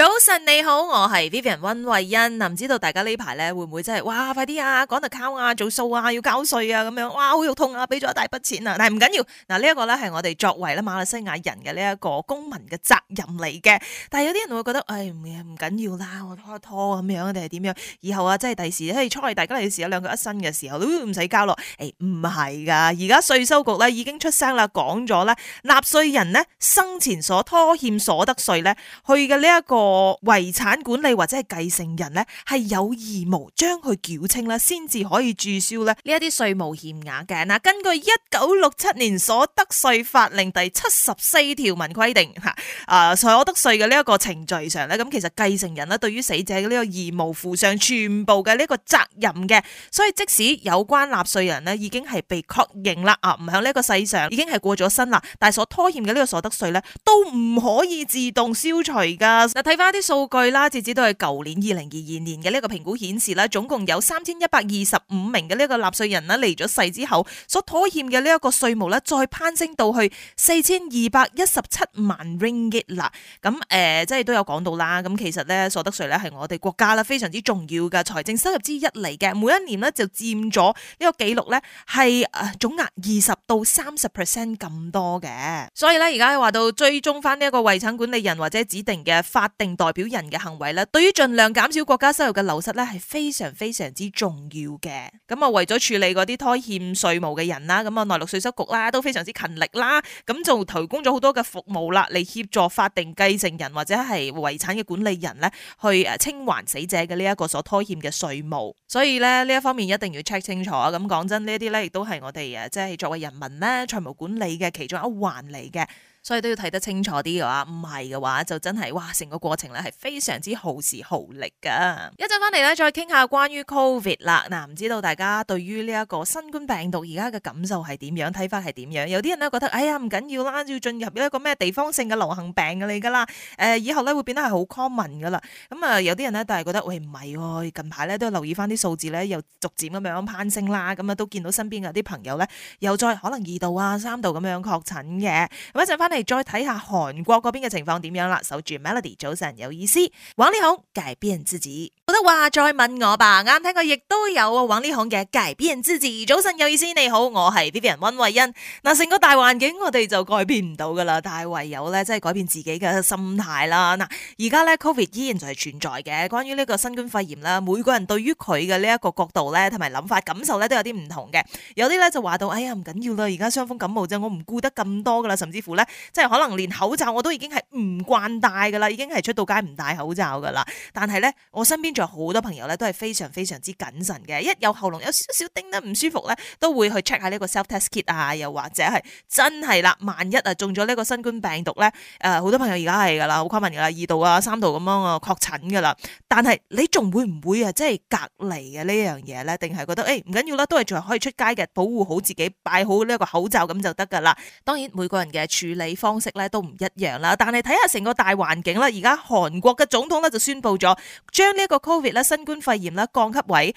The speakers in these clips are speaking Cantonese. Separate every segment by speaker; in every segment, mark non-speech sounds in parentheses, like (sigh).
Speaker 1: 早晨你好，我係 Vivian 溫慧欣。唔知道大家呢排咧會唔會真係，哇，快啲啊，趕到交啊，做數啊，要交稅啊，咁樣，哇，好肉痛啊，俾咗一大筆錢啊。但係唔緊要，嗱，呢一個咧係我哋作為咧馬來西亞人嘅呢一個公民嘅責任嚟嘅。但係有啲人會覺得，誒、哎，唔緊要啦，我拖一拖咁、啊、樣，定係點樣？以後啊，即係第時，誒，出嚟大家嚟嘅時候，兩腳一伸嘅時候，都唔使交咯。誒、欸，唔係噶，而家稅收局咧已經出聲啦，講咗咧，納稅人咧生前所拖欠所得稅咧，去嘅呢一個。個遺產管理或者係繼承人咧，係有義務將佢繳清啦，先至可以註銷咧呢一啲稅務欠額嘅。嗱，根據一九六七年所得稅法令第七十四條文規定，吓，誒，所得稅嘅呢一個程序上咧，咁其實繼承人咧對於死者嘅呢個義務負上全部嘅呢個責任嘅，所以即使有關納稅人咧已經係被確認啦，啊，唔響呢個世上已經係過咗身啦，但係所拖欠嘅呢個所得稅咧都唔可以自動消除噶。而家啲數據啦，截止到係舊年二零二二年嘅呢一個評估顯示啦，總共有三千一百二十五名嘅呢一個納稅人呢，離咗世之後，所拖欠嘅呢一個稅務咧，再攀升到去四千二百一十七萬 ringgit 啦。咁、嗯、誒，即係都有講到啦。咁其實咧，所得稅咧係我哋國家啦非常之重要嘅財政收入之一嚟嘅，每一年咧就佔咗呢個紀錄咧係誒總額二十到三十 percent 咁多嘅。所以咧而家話到追蹤翻呢一個遺產管理人或者指定嘅法定代表人嘅行為咧，對於盡量減少國家收入嘅流失咧，係非常非常之重要嘅。咁啊，為咗處理嗰啲拖欠稅務嘅人啦，咁啊，內陸稅收局啦都非常之勤力啦，咁就提供咗好多嘅服務啦，嚟協助法定繼承人或者係遺產嘅管理人咧，去誒清還死者嘅呢一個所拖欠嘅稅務。所以咧呢一方面一定要 check 清楚。咁講真，呢一啲咧亦都係我哋誒即係作為人民咧財務管理嘅其中一環嚟嘅。所以都要睇得清楚啲嘅話，唔係嘅話就真係哇，成個過程咧係非常之耗時耗力噶。一陣翻嚟咧，再傾下關於 COVID 啦。嗱、嗯，唔知道大家對於呢一個新冠病毒而家嘅感受係點樣？睇法係點樣？有啲人咧覺得，哎呀唔緊要啦，要進入一個咩地方性嘅流行病嘅你㗎啦。誒、呃，以後咧會變得係好 common 噶啦。咁、嗯、啊，有啲人咧就係覺得，喂唔係喎，啊、近排咧都留意翻啲數字咧，又逐漸咁樣攀升啦。咁啊，都見到身邊有啲朋友咧，又再可能二度啊、三度咁樣確診嘅。咁一陣翻嚟。再睇下韓國嗰邊嘅情況點樣啦，守住 Melody 早晨有意思，玩呢行改變自己。冇得話再問我吧。啱聽過亦都有啊，玩呢行嘅改變自己。早晨有意思，你好，我係 Vivian 溫慧欣。嗱，成個大環境我哋就改變唔到噶啦，但係唯有咧，即係改變自己嘅心態啦。嗱，而家咧，Covid 依然就係存在嘅。關於呢個新冠肺炎啦，每個人對於佢嘅呢一個角度咧，同埋諗法、感受咧，都有啲唔同嘅。有啲咧就話到，哎呀唔緊要啦，而家傷風感冒啫，我唔顧得咁多噶啦，甚至乎咧。即係可能連口罩我都已經係唔慣戴噶啦，已經係出到街唔戴口罩噶啦。但係咧，我身邊仲有好多朋友咧，都係非常非常之謹慎嘅。一有喉嚨有少少叮得唔舒服咧，都會去 check 下呢個 self test kit 啊，又或者係真係啦，萬一啊中咗呢個新冠病毒咧，誒、呃，好多朋友而家係噶啦，好 common 噶啦，二度啊、三度咁樣啊確診噶啦。但係你仲會唔會啊，即係隔離嘅、啊、呢樣嘢咧？定係覺得誒唔、哎、緊要啦，都係仲可以出街嘅，保護好自己，擺好呢一個口罩咁就得噶啦。當然每個人嘅處理。方式咧都唔一樣啦，但係睇下成個大環境啦，而家韓國嘅總統咧就宣布咗，將呢一個 Covid 咧新冠肺炎咧降級為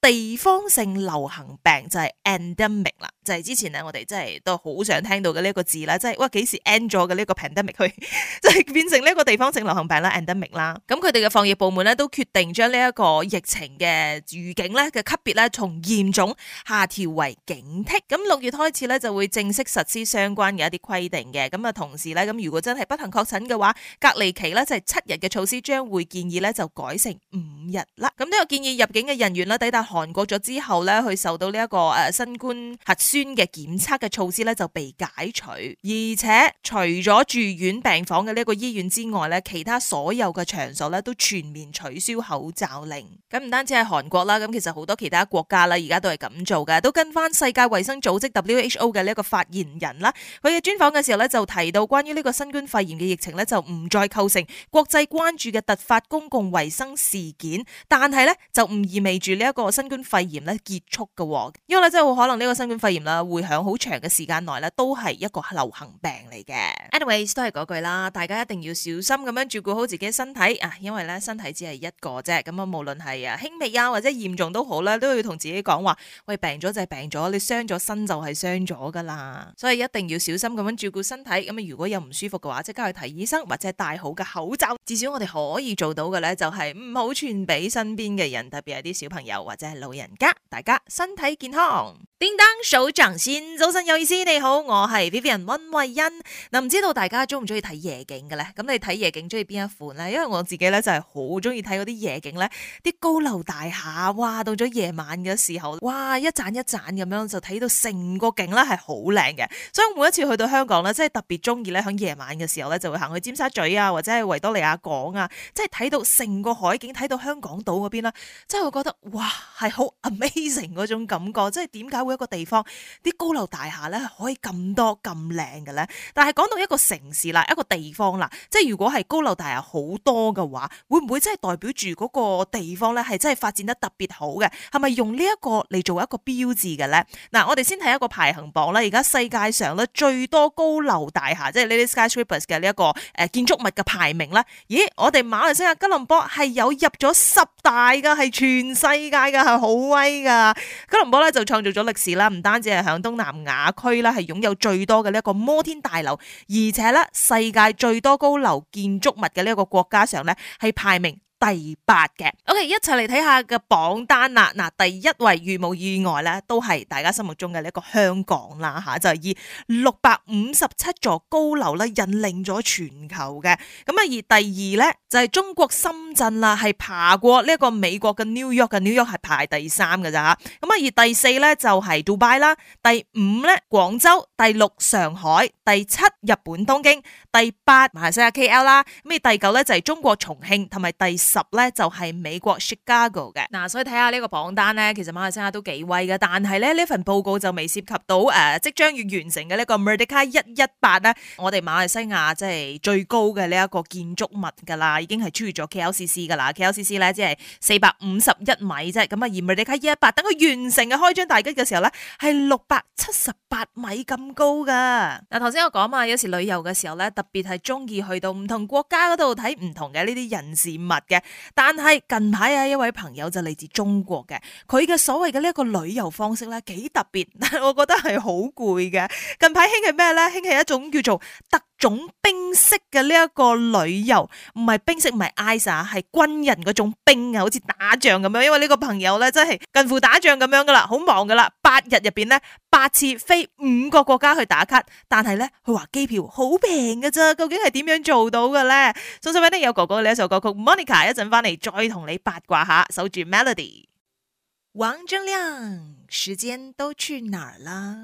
Speaker 1: 地方性流行病就，就係 Endemic 啦。就係之前咧，我哋真係都好想聽到嘅呢一個字啦，即係哇幾時 end 咗嘅呢個 pandemic 去，即係變成呢一個地方性流行病啦，endemic 啦。咁佢哋嘅防疫部門咧都決定將呢一個疫情嘅預警咧嘅級別咧從嚴重下調為警惕。咁六月開始咧就會正式實施相關嘅一啲規定嘅。咁啊同時咧，咁如果真係不幸確診嘅話，隔離期咧就係七日嘅措施將會建議咧就改成五日啦。咁都有建議入境嘅人員啦抵達韓國咗之後咧，去受到呢、這、一個誒、呃、新冠核嘅檢測嘅措施咧就被解除，而且除咗住院病房嘅呢一個醫院之外咧，其他所有嘅場所咧都全面取消口罩令。咁唔單止係韓國啦，咁其實好多其他國家啦，而家都係咁做噶，都跟翻世界衛生組織 WHO 嘅呢一個發言人啦，佢嘅專訪嘅時候咧就提到關於呢個新冠肺炎嘅疫情咧就唔再構成國際關注嘅突發公共衛生事件，但係咧就唔意味住呢一個新冠肺炎咧結束噶，因為咧真係好可能呢個新冠肺炎。啦，會喺好長嘅時間內咧，都係一個流行病嚟嘅。Anyways，都係嗰句啦，大家一定要小心咁樣照顧好自己身體啊，因為咧身體只係一個啫。咁、嗯、啊，無論係啊輕微啊或者嚴重都好啦，都要同自己講話，喂，病咗就係病咗，你傷咗身就係傷咗噶啦。所以一定要小心咁樣照顧身體。咁、嗯、啊，如果有唔舒服嘅話，即刻去睇醫生或者戴好嘅口罩，至少我哋可以做到嘅咧，就係唔好傳俾身邊嘅人，特別係啲小朋友或者係老人家。大家身體健康，叮噹數。數早晨，早晨，有意思，你好，我係 Vivian 溫慧欣。嗱，唔知道大家中唔中意睇夜景嘅咧？咁你睇夜景中意邊一款咧？因為我自己咧就係好中意睇嗰啲夜景咧，啲高樓大廈，哇，到咗夜晚嘅時候，哇，一盞一盞咁樣就睇到成個景咧係好靚嘅。所以每一次去到香港咧，即係特別中意咧響夜晚嘅時候咧，就會行去尖沙咀啊，或者係維多利亞港啊，即係睇到成個海景，睇到香港島嗰邊啦，即係會覺得哇，係好 amazing 嗰種感覺。即係點解會一個地方？啲高樓大廈咧可以咁多咁靚嘅咧，但係講到一個城市啦，一個地方啦，即係如果係高樓大廈好多嘅話，會唔會真係代表住嗰個地方咧係真係發展得特別好嘅？係咪用呢一個嚟做一個標誌嘅咧？嗱，我哋先睇一個排行榜啦，而家世界上咧最多高樓大廈，即係呢啲 skyscrapers 嘅呢、這、一個誒、呃、建築物嘅排名咧。咦，我哋馬來西亞吉隆坡係有入咗十大噶係全世界噶，係好威噶！吉隆坡咧就創造咗歷史啦，唔單止。喺東南亞區啦，係擁有最多嘅呢一個摩天大樓，而且咧世界最多高樓建築物嘅呢一個國家上咧，係排名。第八嘅，OK，一齊嚟睇下個榜單啦。嗱，第一位如冇意外咧，都係大家心目中嘅一個香港啦，吓、啊、就係、是、以六百五十七座高樓咧引領咗全球嘅。咁啊，而第二咧就係、是、中國深圳啦，係爬過呢一個美國嘅 New York 嘅 New York 係排第三嘅咋。咁啊，而第四咧就係、是、Dubai 啦，第五咧廣州，第六上海，第七日本東京，第八馬來西亞 KL 啦，啊，第九咧就係、是、中國重慶同埋第。十咧就係、是、美國 Chicago 嘅，嗱、啊、所以睇下呢個榜單咧，其實馬來西亞都幾威嘅，但係咧呢份報告就未涉及到誒、呃、即將要完成嘅呢個 Merdeka 一一八咧，我哋馬來西亞即係最高嘅呢一個建築物噶啦，已經係超越咗 KLCC 噶啦，KLCC 咧即係、就、四、是、百五十一米啫，咁啊而 Merdeka 一一八等佢完成嘅開張大吉嘅時候咧係六百七十八米咁高噶，嗱頭先我講嘛，有時旅遊嘅時候咧特別係中意去到唔同國家嗰度睇唔同嘅呢啲人事物嘅。但係近排啊，一位朋友就嚟自中國嘅，佢嘅所謂嘅呢一個旅遊方式咧，幾特別，但係我覺得係好攰嘅。近排興係咩咧？興係一種叫做特種兵式嘅呢一個旅遊，唔係兵式，唔係 ice 啊，係軍人嗰種兵啊，好似打仗咁樣。因為呢個朋友咧，真係近乎打仗咁樣噶啦，好忙噶啦，八日入邊咧。八次飛五個國家去打卡，但係咧佢話機票好平嘅啫，究竟係點樣做到嘅咧？仲有唔該有哥哥呢一首歌曲《Monica》，一陣翻嚟再同你八卦下，守住 Melody。王錚亮，時間都去哪啦？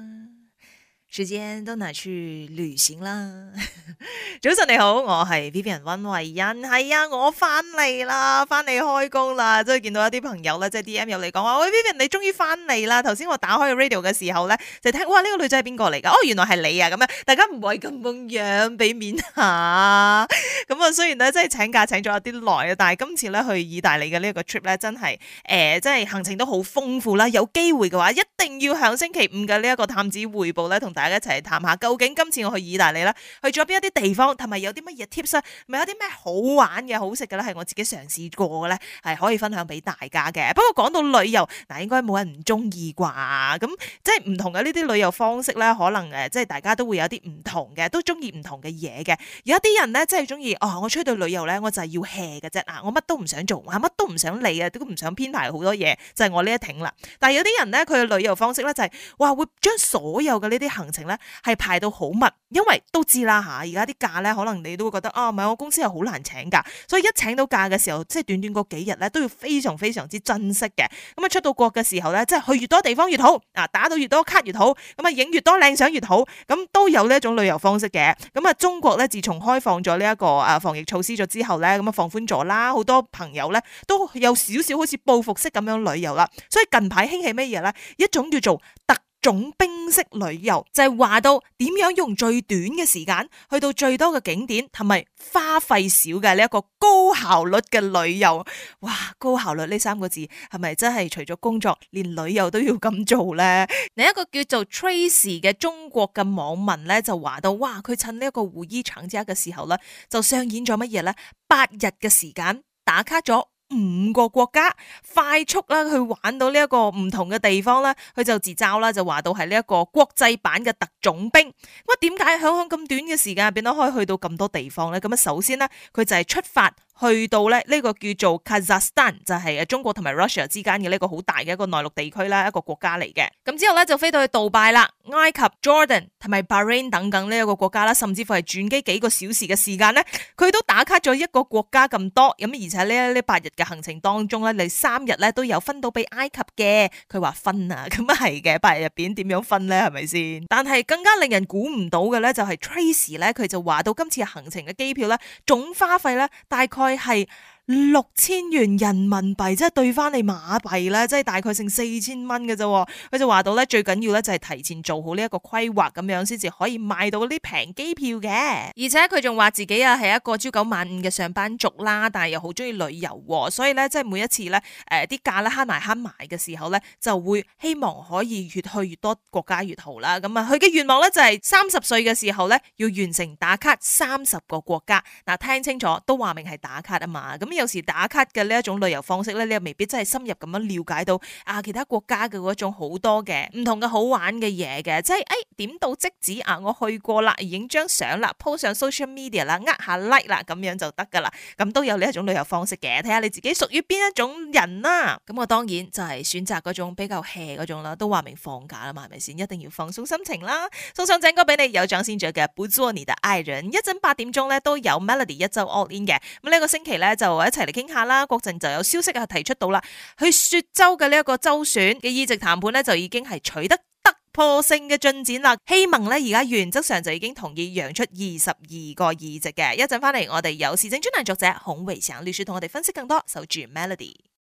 Speaker 1: 時間都拿去旅行啦。 (laughs) 早晨你好，我係 Vivian 溫慧欣。係啊，我翻嚟啦，翻嚟開工啦。即係見到一啲朋友啦，即、就、係、是、D M 入嚟講話，喂 Vivian 你終於翻嚟啦。頭先我打開個 radio 嘅時候咧，就聽哇呢、這個女仔係邊個嚟噶？哦，原來係你啊！咁樣，大家唔好咁樣樣俾面下。咁 (laughs) 啊、嗯，雖然咧即係請假請咗有啲耐啊，但係今次咧去意大利嘅呢一個 trip 咧，真係誒，即、呃、係行程都好豐富啦。有機會嘅話，一定要向星期五嘅呢一個探子匯報咧，同大。大家一齊嚟談下，究竟今次我去意大利啦，去咗邊一啲地方，同埋有啲乜嘢 tips 咧？咪有啲咩好玩嘅、好食嘅咧？係我自己嘗試過嘅咧，係可以分享俾大家嘅。不過講到旅遊，嗱，應該冇人唔中意啩。咁即係唔同嘅呢啲旅遊方式咧，可能誒，即係大家都會有啲唔同嘅，都中意唔同嘅嘢嘅。有一啲人咧，即係中意哦，我出去旅遊咧，我就係要 hea 嘅啫。嗱，我乜都唔想做，我乜都唔想理嘅，都唔想編排好多嘢，就係、是、我呢一挺啦。但係有啲人咧，佢嘅旅遊方式咧就係話，哇，會將所有嘅呢啲行。情咧係排到好密，因為都知啦吓，而家啲假咧可能你都會覺得啊，唔係我公司係好難請噶，所以一請到假嘅時候，即係短短嗰幾日咧，都要非常非常之珍惜嘅。咁啊，出到國嘅時候咧，即係去越多地方越好，啊，打到越多卡越好，咁啊，影越多靚相越好，咁都有呢一種旅遊方式嘅。咁啊，中國咧自從開放咗呢一個啊防疫措施咗之後咧，咁啊放寬咗啦，好多朋友咧都有少少好似報復式咁樣旅遊啦。所以近排興起咩嘢咧？一種叫做特。種兵式旅遊就係話到點樣用最短嘅時間去到最多嘅景點，同埋花費少嘅呢一個高效率嘅旅遊？哇，高效率呢三個字係咪真係除咗工作，連旅遊都要咁做呢？另一個叫做 Tracy 嘅中國嘅網民咧就話到，哇！佢趁呢一個五一長假嘅時候咧，就上演咗乜嘢呢？八日嘅時間打卡咗。五個國家快速啦，去玩到呢一個唔同嘅地方啦，佢就自嘲啦，就話到係呢一個國際版嘅特種兵。咁點解響響咁短嘅時間變到可以去到咁多地方咧？咁啊，首先咧佢就係出發。去到咧呢個叫做 Kazakhstan，就係誒中國同埋 Russia 之間嘅呢個好大嘅一個內陸地區啦，一個國家嚟嘅。咁之後咧就飛到去杜拜啦、埃及、Jordan 同埋 Bahrain 等等呢一個國家啦，甚至乎係轉機幾個小時嘅時間咧，佢都打卡咗一個國家咁多。咁而且呢，呢八日嘅行程當中咧，你三日咧都有分到俾埃及嘅。佢話分啊，咁啊係嘅。八日入邊點樣分咧？係咪先？但係更加令人估唔到嘅咧，就係、是、Trace 咧，佢就話到今次行程嘅機票咧，總花費咧大概。係。六千元人民幣即係兌翻你馬幣咧，即係大概剩四千蚊嘅啫。佢就話到咧，最緊要咧就係提前做好呢一個規劃咁樣，先至可以買到啲平機票嘅。而且佢仲話自己啊係一個朝九晚五嘅上班族啦，但係又好中意旅遊，所以咧即係每一次咧誒啲價咧慳埋慳埋嘅時候咧，就會希望可以越去越多國家越好啦。咁啊，佢嘅願望咧就係三十歲嘅時候咧要完成打卡三十個國家。嗱，聽清楚，都話明係打卡啊嘛，咁。有時打卡嘅呢一種旅遊方式咧，你又未必真係深入咁樣了解到啊其他國家嘅嗰種好多嘅唔同嘅好玩嘅嘢嘅，即係誒、哎、點到即止啊！我去過啦，影張相啦，po 上 social media 啦，呃下 like 啦，咁樣就得噶啦。咁都有呢一種旅遊方式嘅，睇下你自己屬於邊一種人啦、啊。咁我當然就係選擇嗰種比較 hea 嗰種啦，都話明放假啦嘛，係咪先？一定要放鬆心情啦。送上整個俾你有掌聲者嘅 Buzzi the Iron，一陣八點鐘咧都有 Melody 一周 all in 嘅。咁、那、呢個星期咧就。一齊嚟傾下啦，郭靖就有消息係提出到啦，去雪州嘅呢一個州選嘅議席談判咧，就已經係取得突破性嘅進展啦。希盟咧而家原則上就已經同意讓出二十二個議席嘅。一陣返嚟，我哋有時政專欄作者孔維成律師同我哋分析更多，守住 Melody。Mel